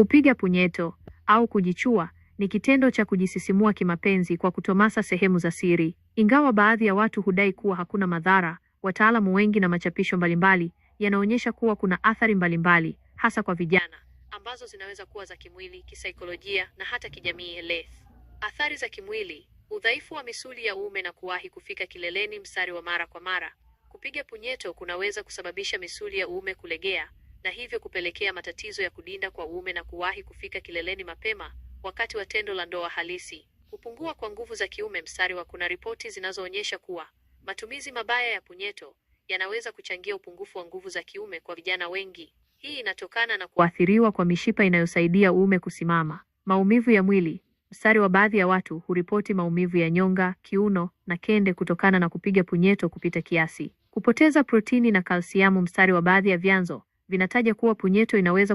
Kupiga punyeto au kujichua ni kitendo cha kujisisimua kimapenzi kwa kutomasa sehemu za siri. Ingawa baadhi ya watu hudai kuwa hakuna madhara, wataalamu wengi na machapisho mbalimbali yanaonyesha kuwa kuna athari mbalimbali, hasa kwa vijana, ambazo zinaweza kuwa za kimwili, kisaikolojia na hata kijamii eleth. Athari za kimwili: udhaifu wa misuli ya uume na kuwahi kufika kileleni mstari wa mara kwa mara. Kupiga punyeto kunaweza kusababisha misuli ya uume kulegea, na hivyo kupelekea matatizo ya kudinda kwa uume na kuwahi kufika kileleni mapema wakati wa tendo la ndoa halisi. Kupungua kwa nguvu za kiume mstari wa kuna ripoti zinazoonyesha kuwa matumizi mabaya ya punyeto yanaweza kuchangia upungufu wa nguvu za kiume kwa vijana wengi. Hii inatokana na kuathiriwa kwa mishipa inayosaidia uume kusimama. Maumivu ya mwili mstari wa baadhi ya watu huripoti maumivu ya nyonga, kiuno na kende kutokana na kupiga punyeto kupita kiasi. Kupoteza protini na kalsiamu mstari wa baadhi ya vyanzo vinataja kuwa punyeto inaweza